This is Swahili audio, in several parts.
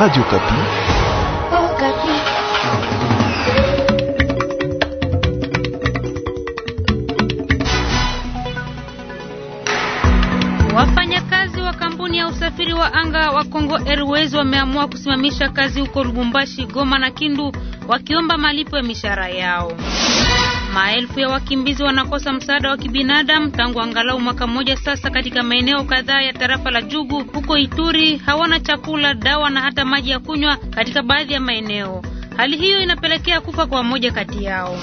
Radio Kapi. Oh, Kapi. Wafanyakazi wa kampuni ya usafiri wa anga wa Kongo Airways wameamua kusimamisha kazi huko Lubumbashi, Goma na Kindu wakiomba malipo ya mishahara yao. Maelfu ya wakimbizi wanakosa msaada wa kibinadamu tangu angalau mwaka mmoja sasa katika maeneo kadhaa ya tarafa la Jugu huko Ituri, hawana chakula, dawa na hata maji ya kunywa katika baadhi ya maeneo. Hali hiyo inapelekea kufa kwa mmoja kati yao.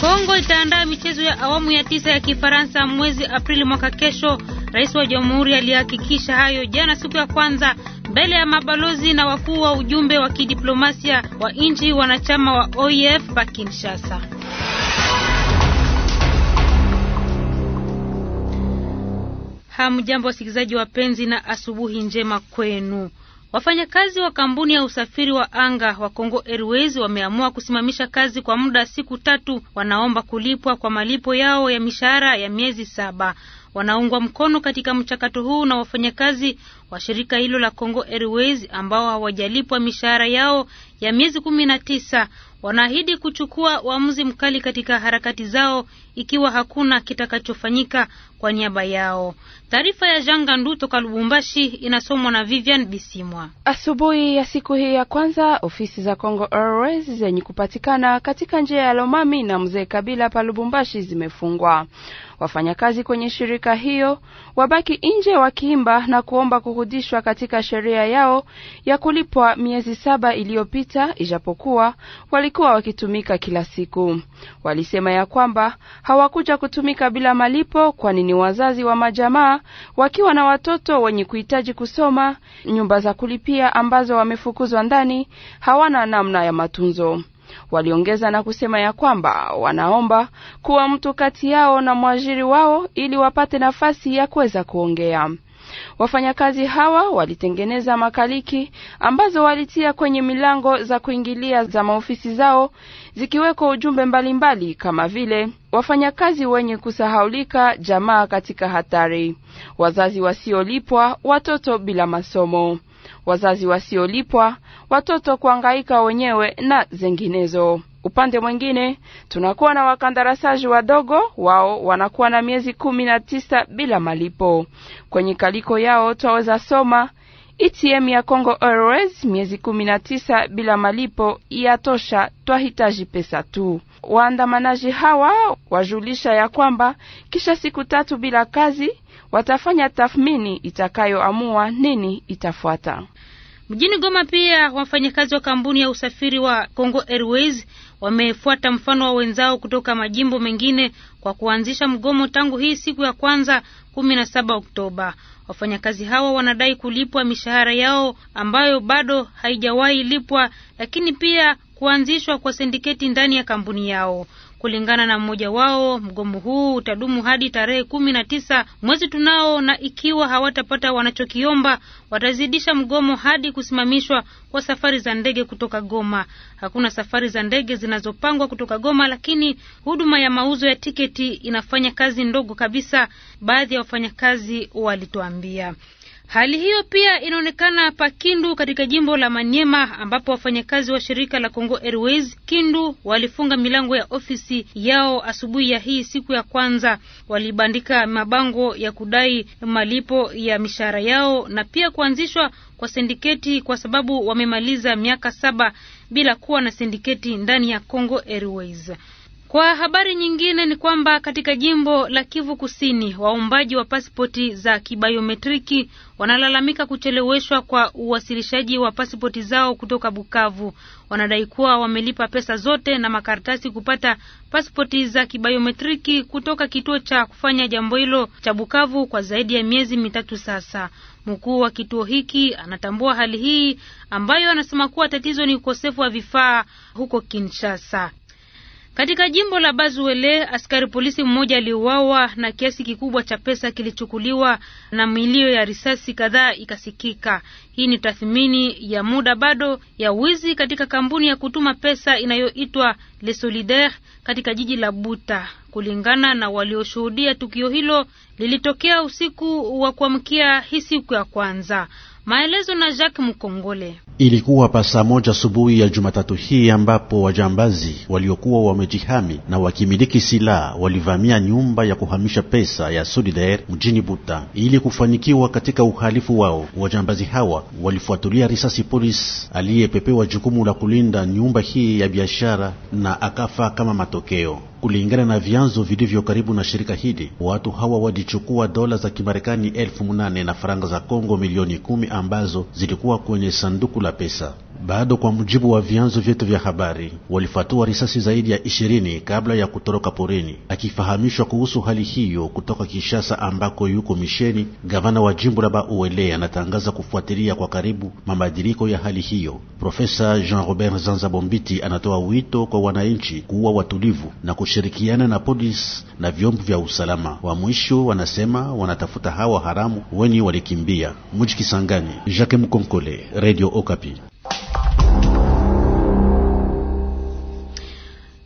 Kongo itaandaa michezo ya awamu ya tisa ya Kifaransa mwezi Aprili mwaka kesho. Rais wa Jamhuri alihakikisha hayo jana siku ya kwanza mbele ya mabalozi na wakuu wa ujumbe wa kidiplomasia wa nchi wanachama wa OIF e pa Kinshasa. Hamjambo wasikilizaji wapenzi, na asubuhi njema kwenu. Wafanyakazi wa kampuni ya usafiri wa anga wa Congo Airways wameamua kusimamisha kazi kwa muda siku tatu. Wanaomba kulipwa kwa malipo yao ya mishahara ya miezi saba. Wanaungwa mkono katika mchakato huu na wafanyakazi wa shirika hilo la Congo Airways ambao hawajalipwa mishahara yao ya miezi kumi na tisa wanaahidi kuchukua uamuzi mkali katika harakati zao ikiwa hakuna kitakachofanyika kwa niaba yao. Taarifa ya Janga Ndu toka Lubumbashi inasomwa na Vivian Bisimwa. Asubuhi ya siku hii ya kwanza, ofisi za Congo Airways zenye kupatikana katika njia ya Lomami na Mzee Kabila pa Lubumbashi zimefungwa. Wafanyakazi kwenye shirika hiyo wabaki nje wakiimba na kuomba kuhu kurudishwa katika sheria yao ya kulipwa miezi saba iliyopita, ijapokuwa walikuwa wakitumika kila siku. Walisema ya kwamba hawakuja kutumika bila malipo, kwani ni wazazi wa majamaa wakiwa na watoto wenye kuhitaji kusoma, nyumba za kulipia ambazo wamefukuzwa ndani, hawana namna ya matunzo. Waliongeza na kusema ya kwamba wanaomba kuwa mtu kati yao na mwajiri wao ili wapate nafasi ya kuweza kuongea. Wafanyakazi hawa walitengeneza makaliki ambazo walitia kwenye milango za kuingilia za maofisi zao zikiwekwa ujumbe mbalimbali mbali, kama vile wafanyakazi wenye kusahaulika, jamaa katika hatari, wazazi wasiolipwa, watoto bila masomo, wazazi wasiolipwa, watoto kuangaika wenyewe na zenginezo. Upande mwingine tunakuwa na wakandarasaji wadogo, wao wanakuwa na miezi kumi na tisa bila malipo. Kwenye kaliko yao twaweza soma ATM e ya Congo Airways miezi kumi na tisa bila malipo yatosha, twahitaji pesa tu. Waandamanaji hawa wajulisha ya kwamba kisha siku tatu bila kazi watafanya tathmini itakayoamua nini itafuata. Mjini Goma pia wafanyakazi wa kampuni ya usafiri wa Congo Airways wamefuata mfano wa wenzao kutoka majimbo mengine kwa kuanzisha mgomo tangu hii siku ya kwanza 17 Oktoba. Wafanyakazi hawa wanadai kulipwa mishahara yao ambayo bado haijawahi lipwa, lakini pia kuanzishwa kwa sindiketi ndani ya kampuni yao. Kulingana na mmoja wao, mgomo huu utadumu hadi tarehe kumi na tisa mwezi tunao, na ikiwa hawatapata wanachokiomba watazidisha mgomo hadi kusimamishwa kwa safari za ndege kutoka Goma. Hakuna safari za ndege zinazopangwa kutoka Goma, lakini huduma ya mauzo ya tiketi inafanya kazi ndogo kabisa, baadhi ya wafanyakazi walituambia. Hali hiyo pia inaonekana pa Kindu katika jimbo la Manyema ambapo wafanyakazi wa shirika la Congo Airways Kindu walifunga milango ya ofisi yao asubuhi ya hii siku ya kwanza. Walibandika mabango ya kudai malipo ya mishahara yao na pia kuanzishwa kwa sindiketi kwa sababu wamemaliza miaka saba bila kuwa na sindiketi ndani ya Congo Airways. Kwa habari nyingine ni kwamba katika jimbo la Kivu Kusini, waombaji wa pasipoti za kibayometriki wanalalamika kucheleweshwa kwa uwasilishaji wa pasipoti zao kutoka Bukavu. Wanadai kuwa wamelipa pesa zote na makaratasi kupata pasipoti za kibayometriki kutoka kituo cha kufanya jambo hilo cha Bukavu kwa zaidi ya miezi mitatu sasa. Mkuu wa kituo hiki anatambua hali hii ambayo anasema kuwa tatizo ni ukosefu wa vifaa huko Kinshasa. Katika jimbo la Bazuele askari polisi mmoja aliuawa na kiasi kikubwa cha pesa kilichukuliwa na milio ya risasi kadhaa ikasikika. Hii ni tathmini ya muda bado ya wizi katika kampuni ya kutuma pesa inayoitwa Le Solidaire katika jiji la Buta. Kulingana na walioshuhudia tukio hilo, lilitokea usiku wa kuamkia hii siku ya kwanza. Maelezo na Jacques Mkongole. Ilikuwa pasaa moja asubuhi ya Jumatatu hii ambapo wajambazi waliokuwa wamejihami na wakimiliki silaha walivamia nyumba ya kuhamisha pesa ya Solidaire mjini Buta. Ili kufanikiwa katika uhalifu wao, wajambazi hawa walifuatulia risasi polisi aliyepepewa jukumu la kulinda nyumba hii ya biashara na akafa kama matokeo. Kulingana na vyanzo vilivyo karibu na shirika hili, watu hawa walichukua dola za Kimarekani elfu munane na faranga za Kongo milioni kumi ambazo zilikuwa kwenye sanduku la pesa bado kwa mujibu wa vyanzo vyetu vya habari walifatua risasi zaidi ya ishirini kabla ya kutoroka porini. Akifahamishwa kuhusu hali hiyo kutoka Kinshasa ambako yuko misheni, gavana wa jimbo la Bauele anatangaza kufuatilia kwa karibu mabadiliko ya hali hiyo. Profesa Jean Robert Zanza Bombiti anatoa wito kwa wananchi kuwa watulivu na kushirikiana na polisi na vyombo vya usalama. Wa mwisho wanasema wanatafuta hawa haramu wenye walikimbia. Mujikisangani, Kisangani, Jacques Mkonkole, Radio Okapi.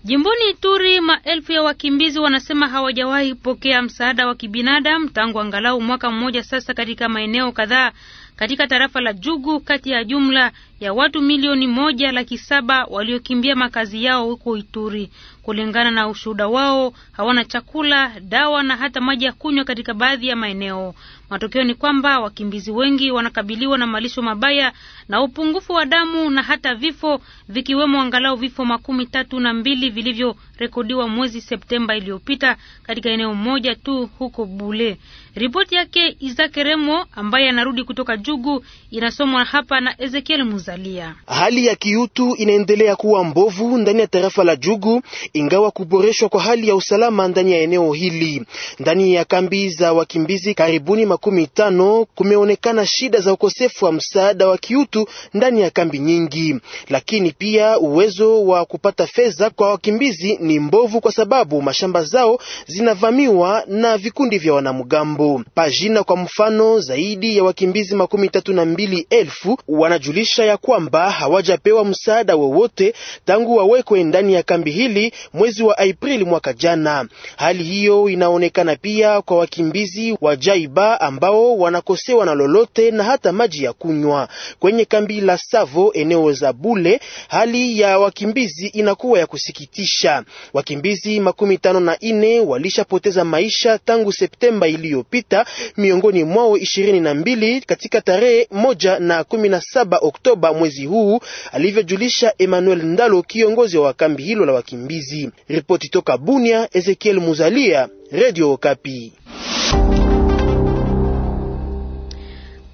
Jimboni Ituri, maelfu ya wakimbizi wanasema hawajawahi pokea msaada wa kibinadamu tangu angalau mwaka mmoja sasa, katika maeneo kadhaa katika tarafa la Jugu, kati ya jumla ya watu milioni moja laki saba waliokimbia makazi yao huko Ituri. Kulingana na ushuhuda wao, hawana chakula, dawa na hata maji ya kunywa katika baadhi ya maeneo. Matokeo ni kwamba wakimbizi wengi wanakabiliwa na malisho mabaya na upungufu wa damu na hata vifo, vikiwemo angalau vifo makumi tatu na mbili vilivyorekodiwa mwezi Septemba iliyopita katika eneo moja tu huko Bule. Ripoti yake Isaac Remo ambaye anarudi kutoka Jugu inasomwa hapa na Ezekiel Muzalia. Hali ya kiutu inaendelea kuwa mbovu ndani ya tarafa la Jugu, ingawa kuboreshwa kwa hali ya usalama ndani ya eneo hili ndani ya kambi za wakimbizi karibuni makumi tano kumeonekana shida za ukosefu wa msaada wa kiutu ndani ya kambi nyingi, lakini pia uwezo wa kupata fedha kwa wakimbizi ni mbovu, kwa sababu mashamba zao zinavamiwa na vikundi vya wanamgambo. Pajina kwa mfano, zaidi ya wakimbizi makumi tatu na mbili elfu wanajulisha ya kwamba hawajapewa msaada wowote tangu wawekwe ndani ya kambi hili mwezi wa Aprili mwaka jana. Hali hiyo inaonekana pia kwa wakimbizi wa Jaiba ambao wanakosewa na lolote na hata maji ya kunywa. Kwenye kambi la Savo eneo za Bule, hali ya wakimbizi inakuwa ya kusikitisha. Wakimbizi makumi tano na ine walishapoteza maisha tangu Septemba iliyopita, miongoni mwao ishirini na mbili katika tarehe moja na kumi na saba Oktoba mwezi huu, alivyojulisha Emmanuel Ndalo, kiongozi wa kambi hilo la wakimbizi. Ripoti toka Bunia, Ezekiel Muzalia, Radio Okapi.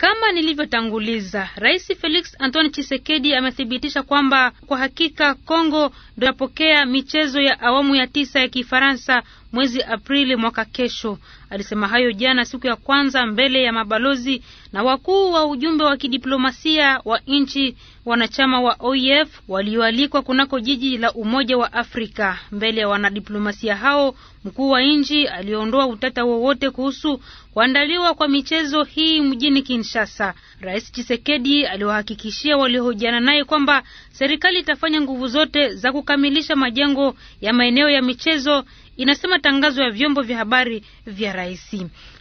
Kama nilivyotanguliza, Rais Felix Antoine chisekedi amethibitisha kwamba kwa hakika Kongo ndio inapokea michezo ya awamu ya tisa ya Kifaransa mwezi Aprili mwaka kesho. Alisema hayo jana siku ya kwanza mbele ya mabalozi na wakuu wa ujumbe wa kidiplomasia wa nchi wanachama wa OIF e walioalikwa kunako jiji la Umoja wa Afrika. Mbele ya wanadiplomasia hao, mkuu wa nchi aliondoa utata wowote kuhusu kuandaliwa kwa michezo hii mjini Kinshasa. Rais chisekedi aliwahakikishia waliohojiana naye kwamba serikali itafanya nguvu zote za kukamilisha majengo ya maeneo ya michezo, inasema tangazo ya vyombo vya habari vya rais.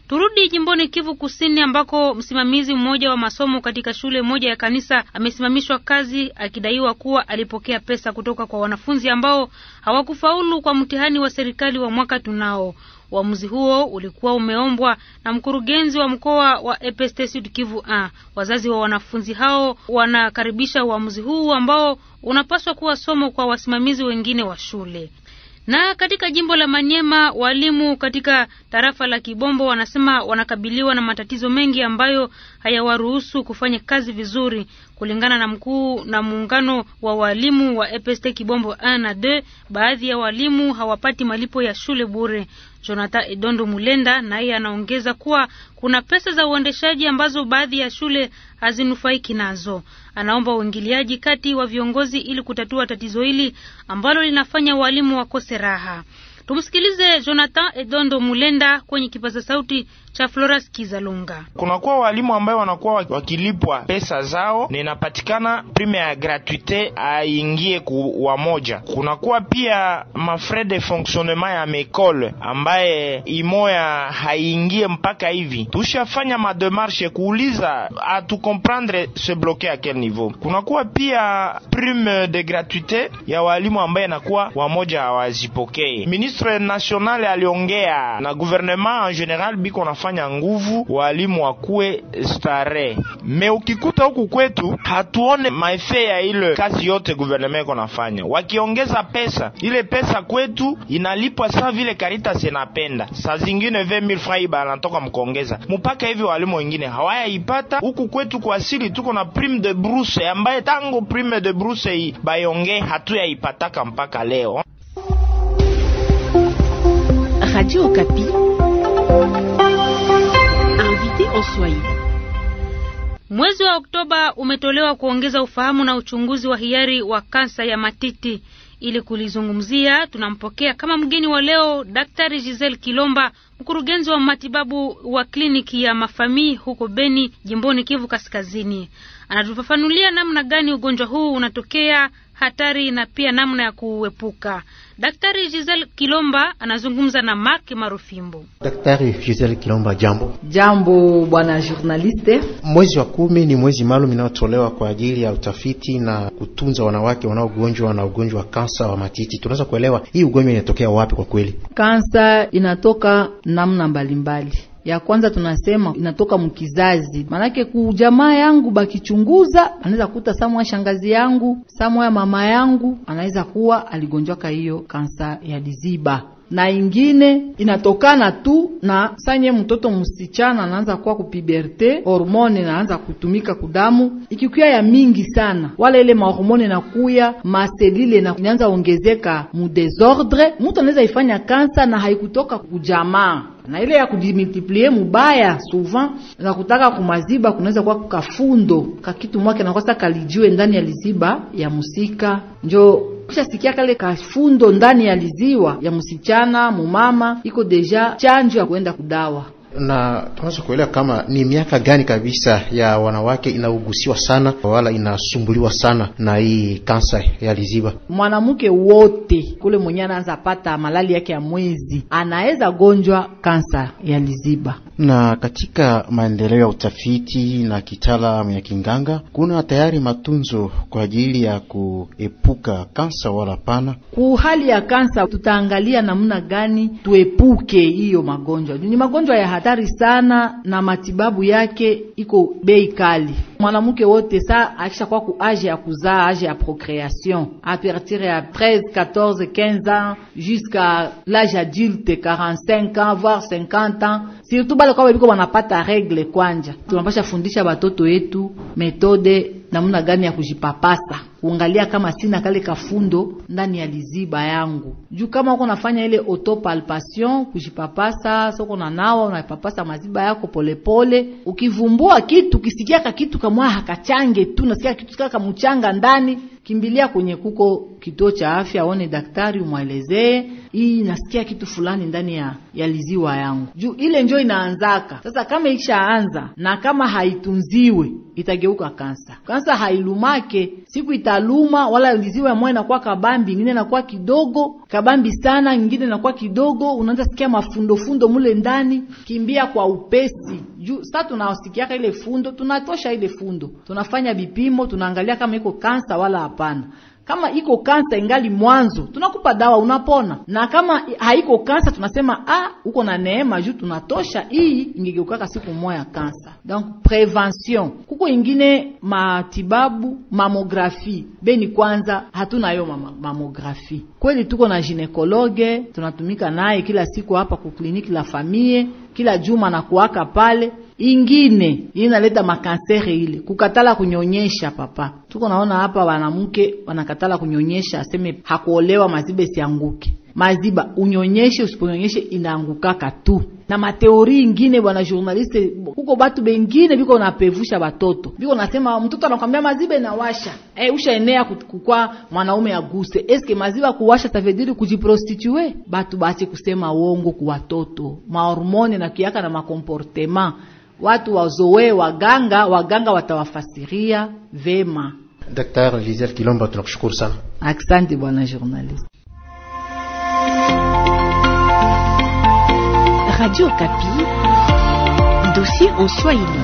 Turudi jimboni Kivu Kusini ambako msimamizi mmoja wa masomo katika shule moja ya kanisa amesimamishwa kazi akidaiwa kuwa alipokea pesa kutoka kwa wanafunzi ambao hawakufaulu kwa mtihani wa serikali wa mwaka tunao. Uamuzi huo ulikuwa umeombwa na mkurugenzi wa mkoa wa EPST Sud Kivu A. Wazazi wa wanafunzi hao wanakaribisha uamuzi huu ambao unapaswa kuwa somo kwa wasimamizi wengine wa shule. Na katika jimbo la Manyema, walimu katika tarafa la Kibombo wanasema wanakabiliwa na matatizo mengi ambayo hayawaruhusu kufanya kazi vizuri. Kulingana na mkuu na muungano wa walimu wa EPST Kibombo 1 na 2, baadhi ya walimu hawapati malipo ya shule bure. Jonathan Edondo Mulenda naye anaongeza kuwa kuna pesa za uendeshaji ambazo baadhi ya shule hazinufaiki nazo. Anaomba uingiliaji kati wa viongozi ili kutatua tatizo hili ambalo linafanya walimu wakose raha. Tumsikilize Jonathan Edondo Mulenda kwenye kipaza sauti cha Floras Kizalunga. Kunakuwa walimu ambayo wanakuwa wakilipwa pesa zao na inapatikana prime ya gratuite aingie ku moja. Kunakuwa pia mafrais de fonctionnement ya mekole ambaye imoya haingie mpaka hivi. Tushafanya mademarshe kuuliza atukomprendre se bloke a quel niveau. Kunakuwa pia prime de gratuite ya walimu ambaye nakuwa wamoja hawazipokee. Ministre nationale aliongea na gouvernement en general biko nafanya kufanya nguvu walimu wakuwe stare. Me ukikuta huku kwetu hatuone maefe ya ile kazi yote guverneme iko nafanya, wakiongeza pesa ile pesa kwetu inalipwa saa vile karita inapenda, saa zingine 20000 francs iba anatoka mkongeza mpaka hivi, walimu wengine hawayaipata huku kwetu. Kwa asili tuko na prime de bruse ambaye tangu prime de bruse hii bayonge hatuyaipataka mpaka leo. Radio Kapi. Oswai. Mwezi wa Oktoba umetolewa kuongeza ufahamu na uchunguzi wa hiari wa kansa ya matiti. Ili kulizungumzia, tunampokea kama mgeni wa leo Daktari Giselle Kilomba, mkurugenzi wa matibabu wa kliniki ya mafami huko Beni, jimboni Kivu Kaskazini. Anatufafanulia namna gani ugonjwa huu unatokea hatari na pia namna ya kuepuka. Daktari Giselle Kilomba anazungumza na Mark Marufimbo. Daktari Giselle Kilomba, jambo. Jambo bwana journaliste. Mwezi wa kumi ni mwezi maalum inayotolewa kwa ajili ya utafiti na kutunza wanawake wanaogonjwa na ugonjwa wa kansa wa matiti. Tunaweza kuelewa hii ugonjwa inatokea wapi? Kwa kweli kansa inatoka namna mbalimbali ya kwanza tunasema inatoka mkizazi, manake kujamaa yangu bakichunguza, anaweza kuta samwa shangazi yangu samwa ya mama yangu anaweza kuwa aligonjwaka hiyo kansa ya liziba na ingine inatokana tu na sanye mtoto msichana anaanza kuwa kupiberte, hormone naanza kutumika kudamu, ikikuya ya mingi sana, wala ile mahormone nakuya maselile na inaanza ongezeka mu mtu anaweza ifanya kansa na haikutoka kujamaa na ile ya kujimultiplie mubaya souvent na kutaka kumaziba kunaweza kuwa kafundo kakitu mwake nakosa kalijue ndani ya liziba ya musika njo sikia kale kafundo ndani ya liziwa ya musichana mumama iko deja chanjo ya kuenda kudawa na tunaweza kuelewa kama ni miaka gani kabisa ya wanawake inaugusiwa sana wala inasumbuliwa sana na hii kansa ya liziba. Mwanamke wote kule mwenye anaanza pata malali yake ya mwezi anaweza gonjwa kansa ya liziba. Na katika maendeleo ya utafiti na kitaalamu ya kinganga, kuna tayari matunzo kwa ajili ya kuepuka kansa wala pana. Ku hali ya kansa, tutaangalia namna gani tuepuke hiyo magonjwa, ni magonjwa ya hatari sana na matibabu yake iko bei kali. Mwanamke wote saa akishakuwa ku age ya kuzaa, age ya procreation a partir ya 13, 14, 15 ans jusqu'à l'âge adulte 45 ans voire 50 ans, surtout bale kwa biko wanapata regle kwanja. Tunapasha fundisha batoto yetu metode namna gani ya kujipapasa, kuangalia kama sina kale kafundo ndani ya liziba yangu. Juu kama uko nafanya ile autopalpation, kujipapasa, soko na nawa unapapasa maziba yako polepole pole. Ukivumbua kitu kisikia ka kitu kamwa hakachange tu nasikia kitu kaka mchanga ndani, kimbilia kwenye kuko kituo cha afya, aone daktari, umwelezee hii nasikia kitu fulani ndani ya, ya liziwa yangu, juu ile njoo inaanzaka sasa. Kama ikishaanza na kama haitunziwe itageuka kansa. Kansa hailumake, siku italuma, wala liziwa moja inakuwa kabambi, ingine inakuwa kidogo kabambi sana, ingine inakuwa kidogo, unaanza sikia mafundofundo mule ndani, kimbia kwa upesi juu sasa tunasikiaka ile fundo, tunatosha ile fundo, tunafanya vipimo, tunaangalia kama iko kansa wala hapana. Kama iko kansa ingali mwanzo, tunakupa dawa unapona, na kama haiko kansa tunasema ah, uko na neema juu tunatosha, hii ingegeukaka siku moya kansa. Donc prevention kuko ingine matibabu, mamografi beni kwanza hatuna hiyo mamografi kweli, tuko na ginekologe tunatumika naye kila siku hapa ku kliniki la famille kila juma na kuwaka pale ingine inaleta makansere ile kukatala kunyonyesha. Papa tuko naona hapa wanamke wanakatala kunyonyesha, aseme hakuolewa mazibe sianguke maziba unyonyeshe, usiponyonyeshe inaangukaka tu na mateori ingine bwana journaliste, huko batu bengine biko napevusha batoto, biko nasema mtoto anakwambia maziba inawasha e, ushaenea kukwa mwanaume aguse. Eske maziba kuwasha tavediri kujiprostitue? Batu basi kusema uongo wongo kuwatoto, mahormone na kiaka na makomportema, watu wazowe waganga, waganga watawafasiria vema. Daktari Gisele Kilomba, tunakushukuru sana. Asante bwana journaliste. Radio Okapi. Dossier en Swahili.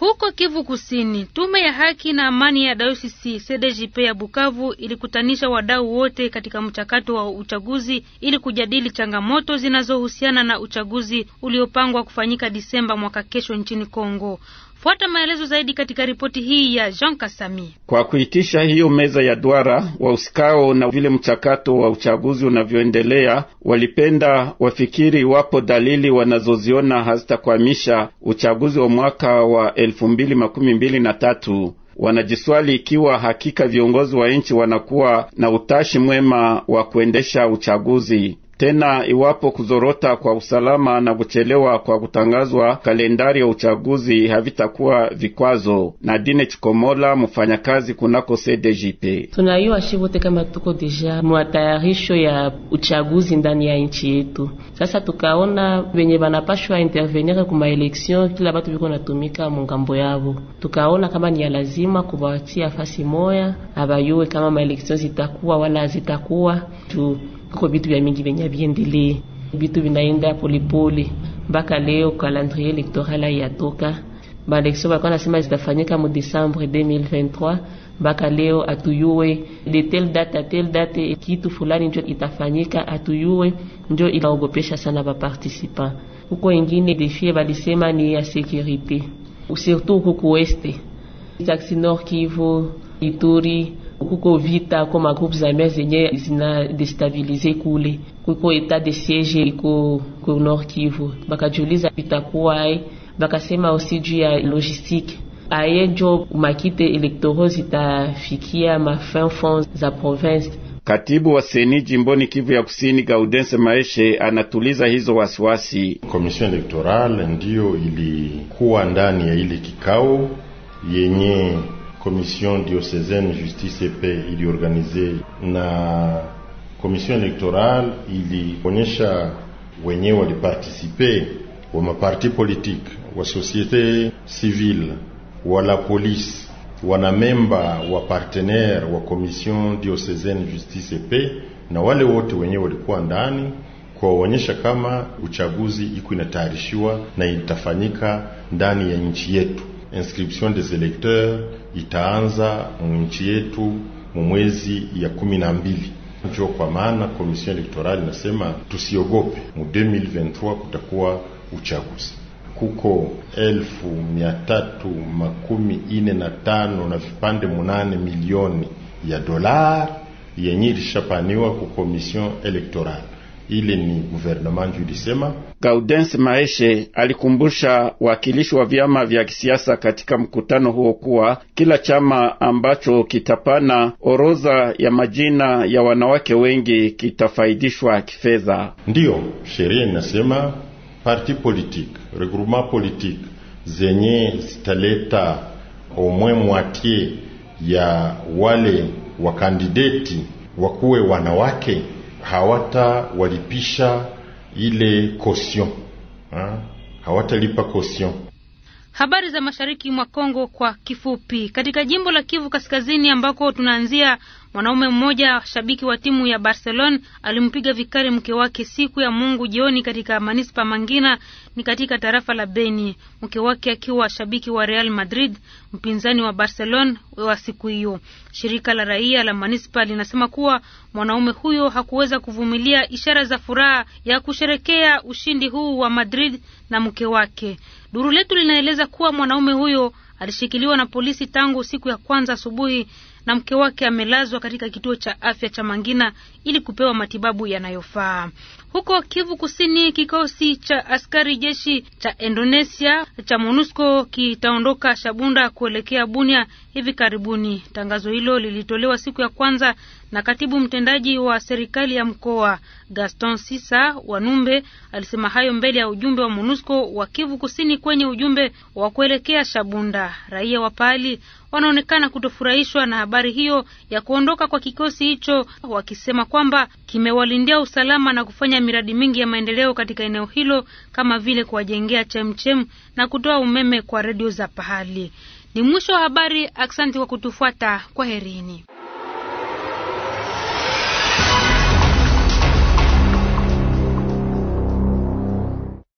Huko Kivu Kusini, tume ya haki na amani ya Dayosisi CDJP ya Bukavu ilikutanisha wadau wote katika mchakato wa uchaguzi ili kujadili changamoto zinazohusiana na uchaguzi uliopangwa kufanyika Disemba mwaka kesho nchini Kongo. Fuata maelezo zaidi katika ripoti hii ya Jean Kasami. Kwa kuitisha hiyo meza ya duara, wahusikao na vile mchakato wa uchaguzi unavyoendelea, walipenda wafikiri iwapo dalili wanazoziona hazitakwamisha uchaguzi wa mwaka wa elfu mbili makumi mbili na tatu. Wanajiswali ikiwa hakika viongozi wa nchi wanakuwa na utashi mwema wa kuendesha uchaguzi. Tena iwapo kuzorota kwa usalama na kuchelewa kwa kutangazwa kalendari ya uchaguzi havitakuwa vikwazo. Nadine Chikomola, mfanyakazi kunako CDJP: tunaiwa shi wote kama tuko deja mwatayarisho ya uchaguzi ndani ya nchi yetu. Sasa tukaona venye banapashwa intervenire kuma election, kila batu viko natumika mungambo yavo, tukaona kama ni ya lazima kubawatia fasi moya abayuwe kama maelection zitakuwa wala zitakuwa tu iko vitu vya mingi venye viendelee, vitu vinaenda polepole mpaka leo. Calendrier electoral ayatoka, baelection balikuwa nasema zitafanyika mu Desembre 2023 mpaka leo atuyue de tel date a tel date kitu fulani njo itafanyika, atuyue njo ilaogopesha sana bapartisipa huko. Ingine defie balisema ni ya securite, surtout huko kueste Taxi Nord Kivu Ituri kuko vita ko magroupe za mer zenye zinadestabilize kule, kuko etat de siege iko ko Nord Kivu, bakajiuliza itakuwae. Bakasema osi juu ya logistique aye jo makite elektoraux zitafikia mafin fond za province. Katibu wa seni jimboni Kivu ya Kusini, Gaudense Maeshe, anatuliza hizo wasiwasi. Komision elektorale ndiyo ilikuwa ndani ya ile kikao yenye Commission diocésaine justice et paix iliorganize na commission electoral ilionyesha wenyewe walipartisipe wa maparti politique wa société civile wa la police memba wa partenaire wa commission diocésaine justice et paix na wale wote wenyewe walikuwa ndani kuwaonyesha kama uchaguzi iko inatayarishiwa na itafanyika ndani ya nchi yetu inscription des electeurs itaanza mu nchi yetu mu mwezi ya kumi na mbili. Ndio kwa maana komission elektorali nasema tusiogope, mu 2023 kutakuwa uchaguzi. Kuko elfu mia tatu makumi ine na tano na vipande munane milioni ya dolari yenye ilishapaniwa ku komission elektorali. Ile ni guvernement ndio ilisema Gaudens Maeshe alikumbusha wakilishi wa vyama vya kisiasa katika mkutano huo kuwa kila chama ambacho kitapana orodha ya majina ya wanawake wengi kitafaidishwa kifedha. Ndiyo sheria inasema parti politique, regroupement politique zenye zitaleta omwe mwatie ya wale wakandideti wakuwe wanawake hawatawalipisha ile caution ha? hawatalipa caution. Habari za mashariki mwa Kongo kwa kifupi. Katika jimbo la Kivu Kaskazini ambako tunaanzia, Mwanaume mmoja shabiki wa timu ya Barcelona alimpiga vikali mke wake siku ya Mungu jioni katika manispa Mangina ni katika tarafa la Beni, mke wake akiwa shabiki wa Real Madrid, mpinzani wa Barcelona wa siku hiyo. Shirika la raia la manispa linasema kuwa mwanaume huyo hakuweza kuvumilia ishara za furaha ya kusherekea ushindi huu wa Madrid na mke wake. Duru letu linaeleza kuwa mwanaume huyo alishikiliwa na polisi tangu siku ya kwanza asubuhi na mke wake amelazwa katika kituo cha afya cha Mangina ili kupewa matibabu yanayofaa. Huko Kivu Kusini, kikosi cha askari jeshi cha Indonesia cha MONUSCO kitaondoka Shabunda kuelekea Bunia hivi karibuni. Tangazo hilo lilitolewa siku ya kwanza na katibu mtendaji wa serikali ya mkoa Gaston Sisa Wanumbe alisema hayo mbele ya ujumbe wa MONUSCO wa Kivu Kusini kwenye ujumbe wa kuelekea Shabunda. Raia wa pahali wanaonekana kutofurahishwa na habari hiyo ya kuondoka kwa kikosi hicho, wakisema kwamba kimewalindia usalama na kufanya miradi mingi ya maendeleo katika eneo hilo kama vile kuwajengea chemchem na kutoa umeme kwa redio za pahali. Ni mwisho wa habari. asante kwa kutufuata. Kwaherini.